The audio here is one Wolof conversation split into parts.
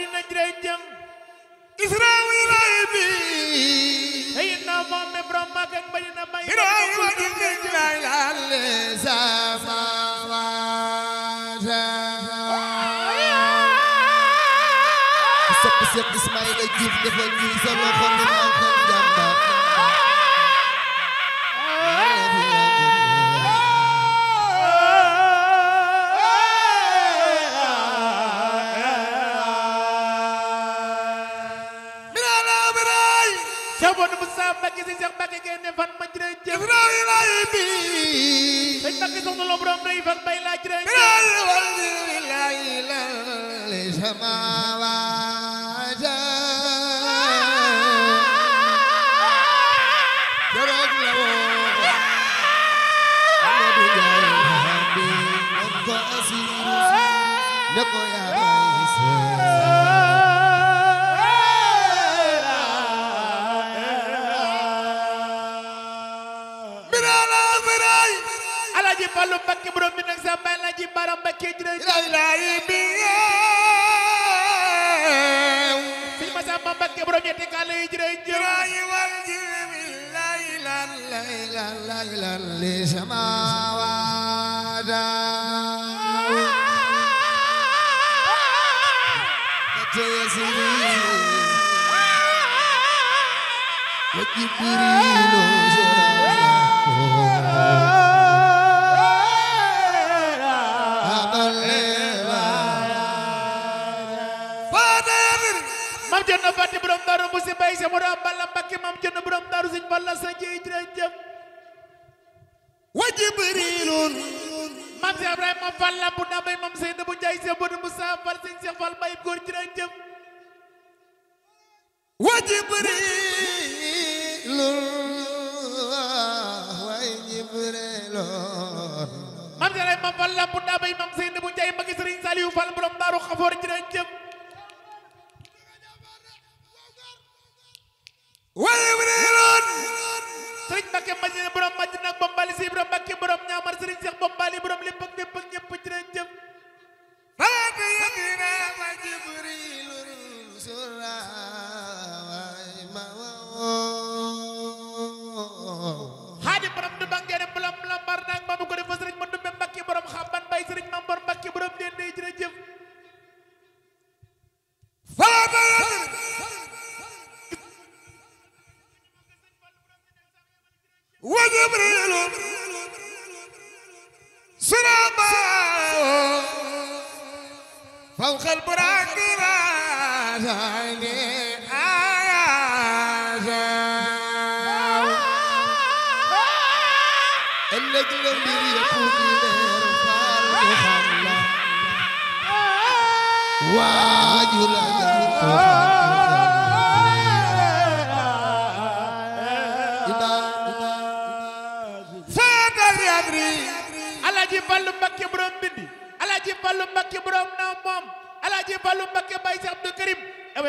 Medina jërëjëm Israawiila bi ay na moom mi borom Makka ak Medina bay Israawiila jërëjëm la ilaha sama wa sa gi si Cheikh Mbacke génne fan ma jërëjëf Ibrahima bi sëñ Mbacke soxna loo borom day fan bay laa jërëjëf Look at Fallu Mbakke borom bi nag sa baay la ji baram Mbakke si ma sama Mbakke borom ñetti kàlla yi jërëjëf la ilaha Cerno Fati borom Daaru Musi Bay Seex Moodu Balla Mbakke maam Cerno borom Daaru Sëñ Balla sa jeey jërëjëf wa Jibrilun maam Seex Ibrahima Fall Lamp Ndambay maam Seyda bu Njaay Seex Moodu Musaa Fall Sëñ Seex Fall Bay góor jërëjëf wa Jibrilun wa Jibrilun maam Seex Ibrahima Fall Lamp Ndambay maam Seyda bu Njaay Mbàkke Sëriñ Saliou Fall borom Daaru Xafoor jërëjëf wala wéreeroon sëriñ Mbacke Madina borom Madina ak bombali si borom Mbacke borom ñaamar sëriñ Cheikh bombali borom lépp alaaji Fallu Mbakke borom bindi alaaji Fallu Mbakke borom na moom alaaji Fallu Mbakke bay si Abdou Karim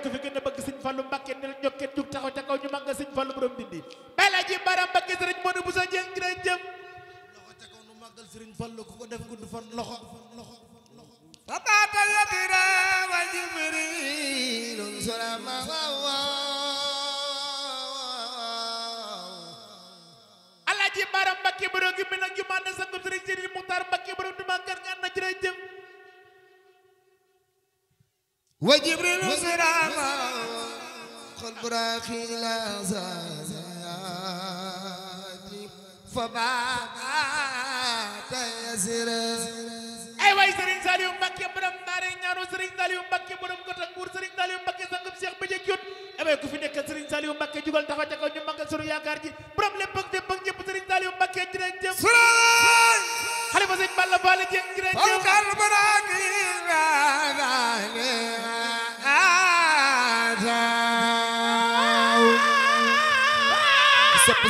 ku fi gën a bëgg sëñ Fallu Mbakke ne la ñokkee jug taxaw ñu mag nga Fallu borom bindi bay alaaji Baram Mbakke sëriñ Modou Bousso Dieng gi lay Alaaji Baara Mbacke Borom gi bi nag jumaa ne sangub Sëriñ Sidi Muxtaar Mbacke Borom Touba Kër Gana jërëjëf wa Jibril sirama xol buraaxi la zaati fa baata yasira borom ndaare ñaanu Serigne Saliou Mbacké borom gota nguur Serigne Saliou Mbacké sangam Cheikh Béthio Thioune amee ku fi nekkal Serigne Saliou Mbacké jugal taxaw ca kaw ñu màggal sunu yaakaar ji borom lépp ak lépp ak ñëpp Serigne Balla Fall jëf jërëjëf kar baraki sopp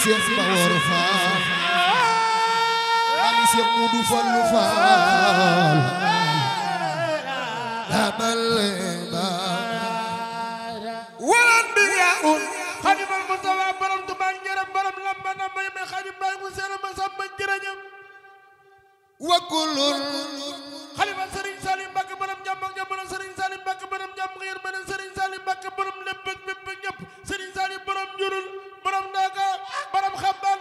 Cheikh Seex Moodu Fallu Faal dabal ba walan bi ya un xadimal Mustafa borom Tuuba njërëm borom lamba na may may xadim bay mu seen ma samba jërëjëf wa kulun xalimal Sëriñ Salim Mbàkke borom jàmm ak jàmm borom Sëriñ Salim Mbàkke borom jàmm ak yërmande Sëriñ Salim Mbàkke borom lépp ak bépp ñëpp Sëriñ Salim borom njurul borom ndaka borom xambal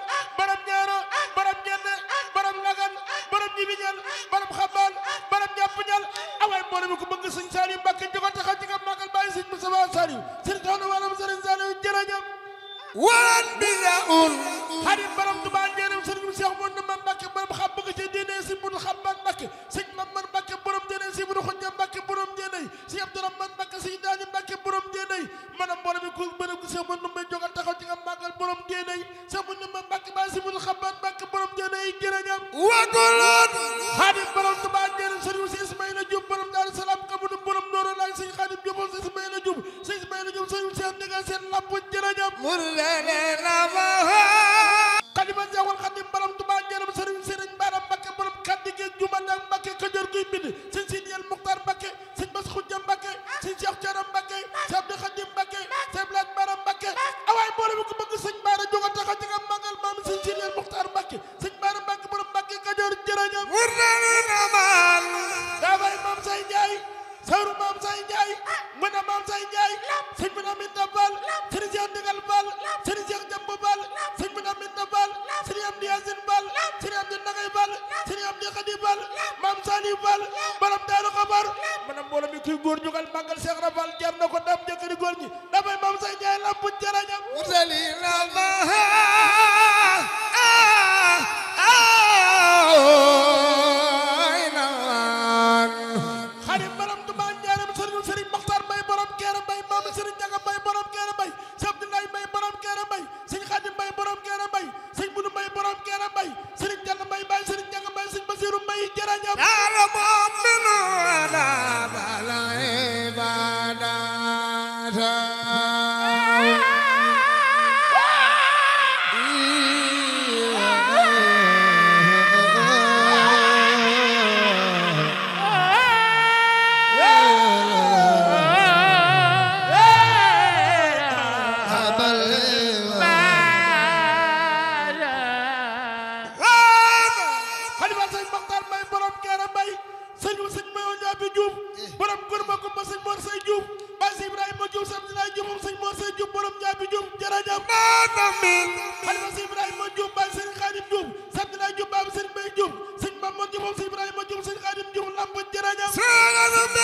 jibi ñal borom xambal borom ñàpp ñal awaay mboolo mi ko bëgg sëñ Saliou Mbacke jogo taxaw ci nga màggal bàyyi sëñ Moustapha Saliou sëñ Soxna walam sëriñ Saliou jërëjëf waran bi la un xarit borom borom kurma kumba sëñ Mor Sey Diouf Baay Sey Ibrahima Diouf sëñ Abdoulaye Diouf moom sëñ Mor Sey Diouf borom jaabi Diouf jërëjëf maanaam xalifa sëñ Ibrahima Diouf Baay sëñ Xaadim Diouf sëñ Abdoulaye Diouf baaba sëñ Mbay Diouf sëñ Mamadou Diouf moom sëñ Ibrahima Diouf sëñ Xaadim Diouf lamb jërëjëf borom ñi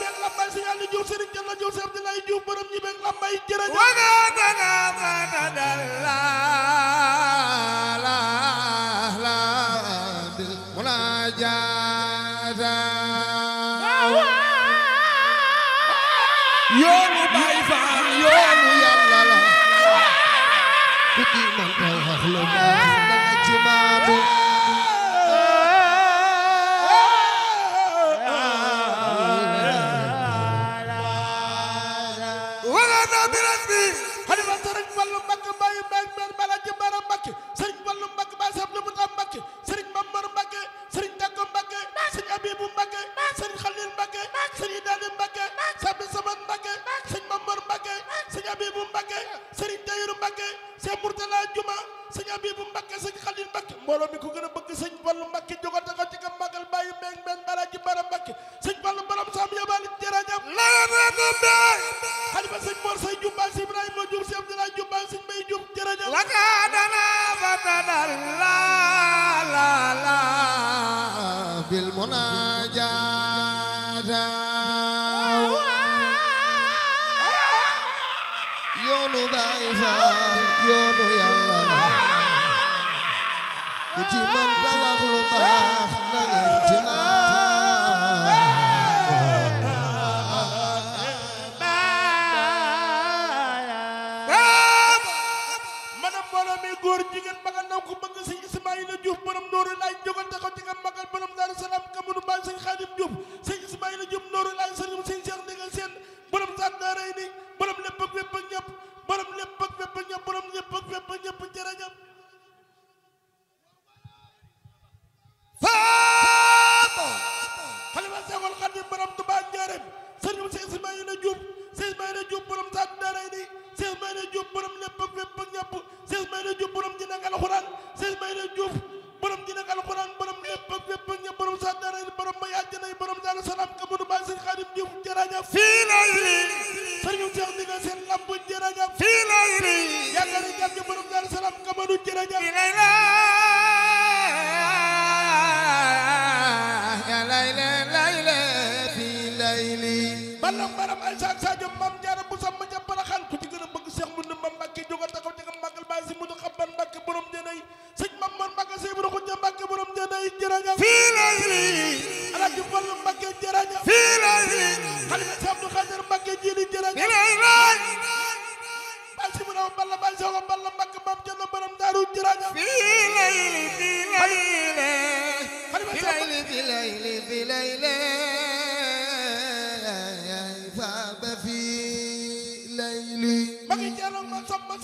beeg lambay sëñ Aliou Diouf sëñ Jalla Diouf sëñ Abdoulaye Diouf borom ñi beeg lambay jërëjëf man mor say jumbaan si Ibrahima Diouf si Abdoulaye jumbaan si Mbaye Diouf jërëjëf lakadana fatadal la la la bil munajaata yoonu baay fa yoonu yàlla ku ci mën dala lu baax na ngeen borom dooru laay jógal taxaw ci nga magal borom daaru salaam ka mënu baay sëñ Xaadim Diouf Ballon Maram Aïssa Sadio Mame Diarra bu sàmm ja baraxaan ku ci gën a bëgg Seex Mundu Mame Mbàkke jóg taxaw ci nga màggal bàyyi si Mudu Xabban Mbàkke borom jënay sëñ Mame Mor Mbàkke sëñ Ibra Xuja Mbàkke borom jënay jërëjëf fii la Alaaji Fallu Mbàkke jërëjëf fii la xalifa Seex Abdu Xaadir Mbàkke jiili jërëjëf bàyyi si Mudu Balla bàyyi si Mudu Balla Mbàkke Mame Diarra borom daaru jërëjëf fii la fii la fii la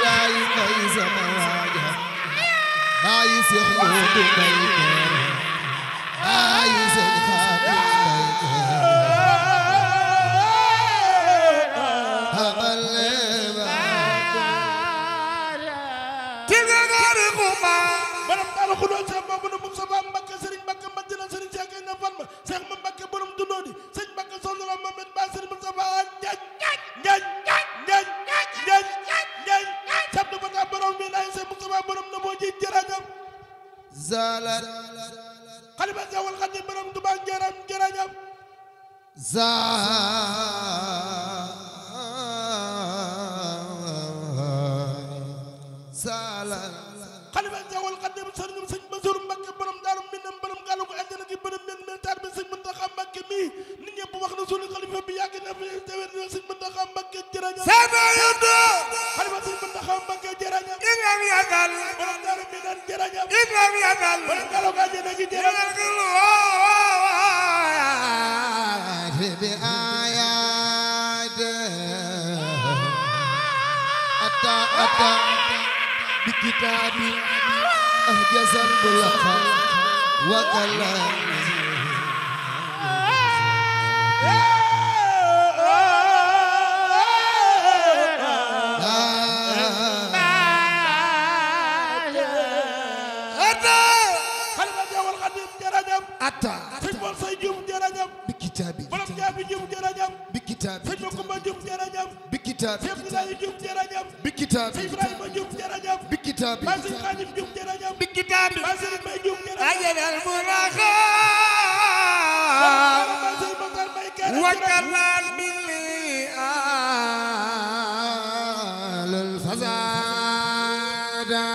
lay kay sama waaja bàyyi Seex Moodu Mbay الكتاب أهجز البلخ وكلام atta sëñ Mor Seye Diouf jërëjëf bi kitaabi borom jaabi Diouf jërëjëf bi kitaabi sëñ Makumba Diouf jërëjëf bikkitaat Cheikh Ibrahima Diouf jërëjëf bikkitaat Cheikh Ibrahima Diouf jërëjëf bikkitaat Bassirou Khadim Diouf jërëjëf bikkitaat Bassirou Mbaye Diouf jërëjëf ajal muraxa wakalan billi alal fasada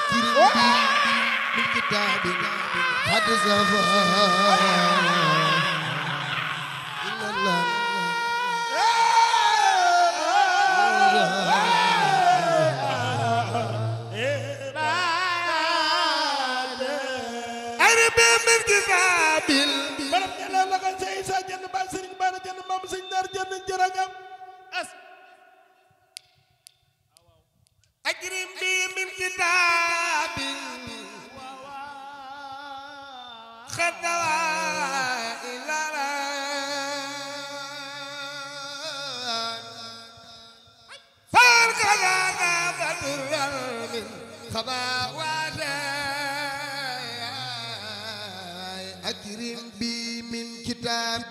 akrim bi bikkitaat hadza أكرم بي من كتاب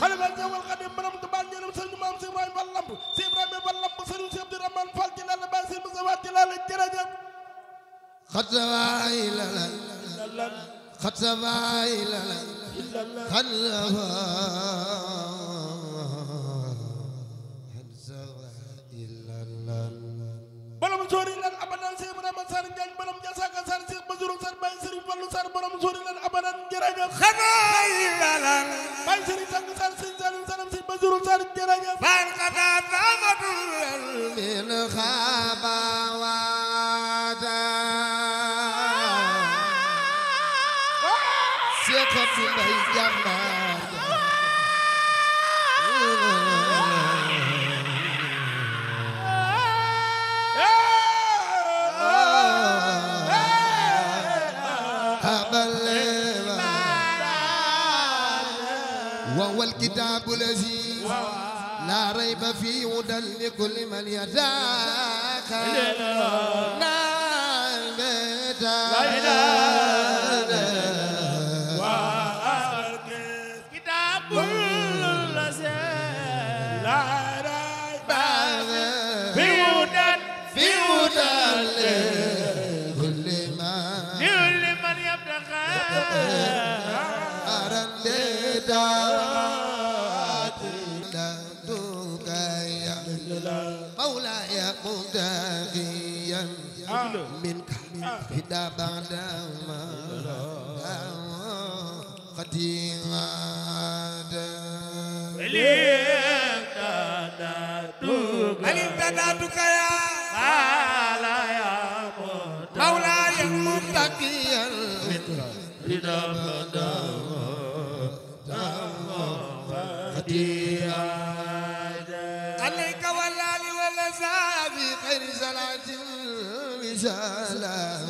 خلي بال جوال القديم برام تبان جنم سيد مام سيد إبراهيم باللم سيد إبراهيم باللم سيد سيد عبد الرحمن فال جلال بان سيد مزوات جلال الجرجب خطوا إلى خطوا إلى خطوا بلم جوري لن أبدا سيد إبراهيم سيد بلم جاس juróom sar bàyyi sëriñ fallu sar borom suuri lan abadan jërëjëf xanaa dalan bàyyi sëriñ sang sar sëriñ salim sanam sëriñ ba juróom sar jërëjëf fan xata tamatul lil xaba waata seqatu mbay jàmmaa الذي لا ريب فيه هدى لكل من يتاك نعم كتاب الذي لا ريب فيه هدى فيه هدى لكل من يبتغى أرى هدا بعد ما قديمات الامتدادك يا قال يا مولاي متقيا هدا بعد ما قديمات عليك والله والذي خير صلاه وسلام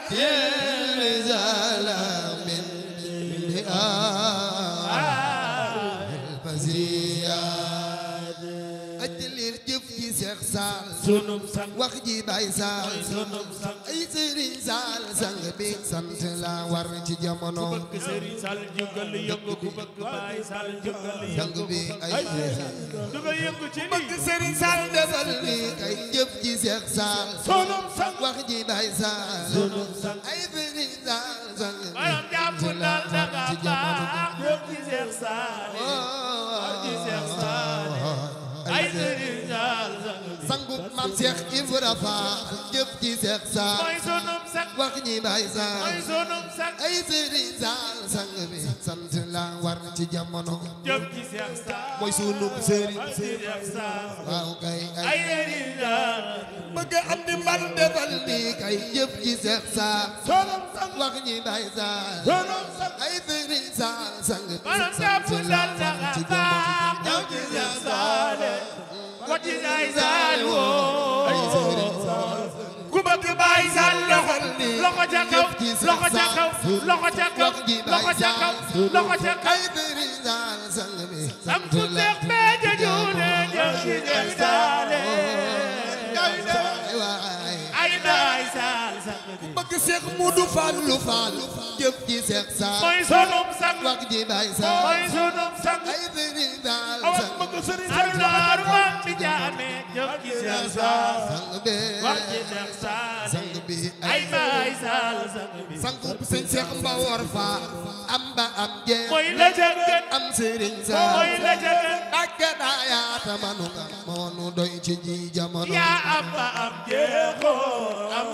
wax ji bay saal ay sëriñ saal sang bi sant la war ci jamono sang bi ay bëgg sëriñ saal defal ni ay jëf ji wax ji bay saal ay sëriñ saal sang bi sant la war ci jamono bëggub mam Seex Ibra Faal jëf ji Seex Saal wax ñi bay Saal sëriñ Saal sang bi sant la war ci jamono jëf sëriñ waaw kay ay bëgg am di man defal di wax ñi bay Saal ay sëriñ Saal sang bi sant la war ci jamono jëf ji Seex Saal loxo ca kaw loxo ca kaw loxo ca kaw loxo ca kaw loxo ca kaw ay beri dal salmi am ku teex be jajule jëgi jëgtaale ay daay sal ku bëgg Seex Mudu Faal lu faal jëf ji Seex Saal mooy sunum sang wax ji baay Saal mooy sunum sang ay beri dal salmi Cheikh Sall sang bi wax ci Cheikh ay Baay Sall sang bi fa am ba am jeex am Serigne Sall geɗa yatamanunga monu doy ci ji jamono ya abba am jeexo am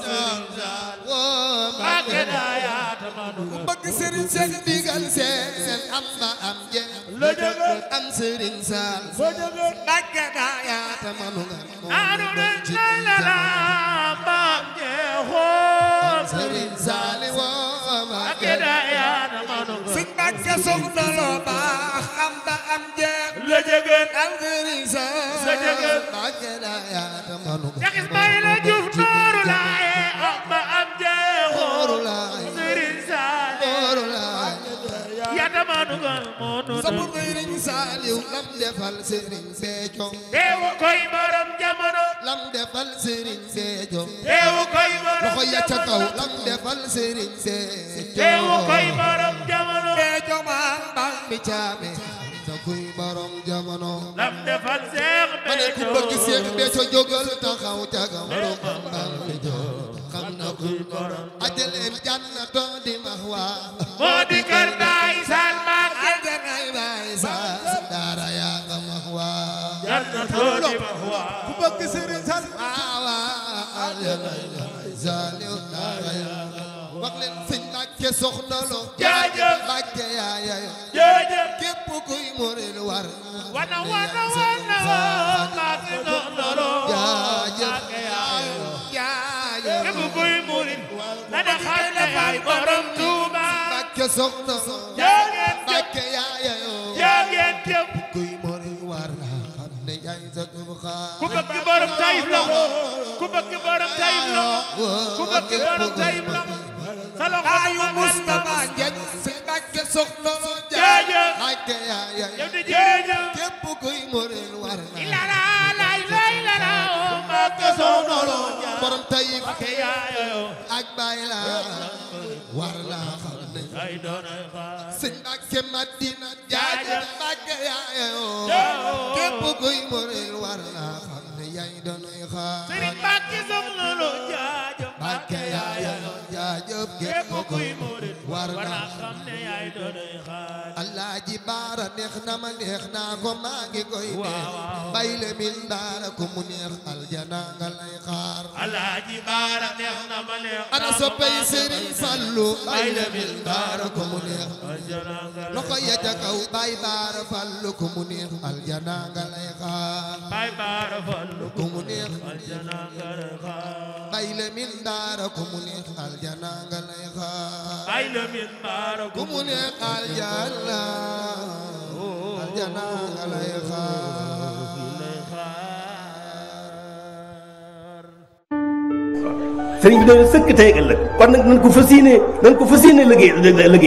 ba geɗa yatamanunga bëgg sëriñ seen digal seen abba am jeex lo jëgal am sëriñ saal lo jëgal ba geɗa yatamanunga monu doy ci ji jamono abba am jeexo sëriñ saali wo ba geɗa yatamanunga sëñ Mbàkke soxna loo baax am ba am jeex la jëgën al firisa la jëgën bàkke la yaata manu Cheikh Ismaïla Diouf nooru laaye ah, ba am jeexoo firisa nooru laaye yaata manu gal moonu sabu sëriñ Saaliw lam defal sëriñ Béthio teewu koy borom jamono lam defal sëriñ Béthio teewu koy borom loxo ya ca kaw lam defal sëriñ Béthio teewu koy borom jamono Béthio maa mbaa mi caame borom jamono defal Seex Béthio ma ne ku bëgg Seex Béthio jógal taxaw jaga borom xam-xam bi xam na ku borom ajaleen jannatu di mahwa moo di kër Baay Sal Mbàkke janay Baay Sal daara yaa nga mahwa jannatu di mahwa ku bëgg Sëriñ Sal waawa ajanay Baay Sal daara yaa nga wax leen sëñ Mbàkke soxna lo jaajëf Mbàkke yaaya kuy muril war wana wana wana mati dondoro jaajëf jaajëf képp kuy muril na da xam ne yaay borom Tuuba Mbàkke soxna jaageen Mbàkke yaayo jaageen képp kuy muril war na xam ne yaay sëtu xaar ku bëgg borom Tayif la ku bëgg borom Tayif la ku bëgg borom Tayif la sa loxo ayu Mustafa soxna la jaajëf laajte yaaya jaajëf képp kuy murid war na la la la oh, la la Mbakke soxna la borom Tayif oh, ak Baay la war la xam ne sëñ Mbakke Madina jaajëf Mbakke yaaya képp kuy murid war na xam ne yaay doonay xaar sëñ Mbakke soxna la jaajëf Mbakke yaaya jaajëf képp kuy murid war na xam yaay doonay xaar alaaji baara neex na ma neex naa ko maa ngi koy neex bayle min baara ko mu neex aljana nga lay xaar alaaji baara neex na ma neex ana soppey Sëriñ Fallu bayle min baara ko mu neex aljana nga lay xaar loxo ya ca kaw bay baara fallu ko mu neex aljana nga lay xaar bay baara fallu ko mu neex aljana nga lay xaar bayle min baara ko mu neex aljana nga lay xaar bayle min baara ko mu ne aljana aljana lay xaar sëriñ bi de sëkk tey ëllëg kon nag nañ ko fas yéene nañ ko fas yéene liggéey liggéey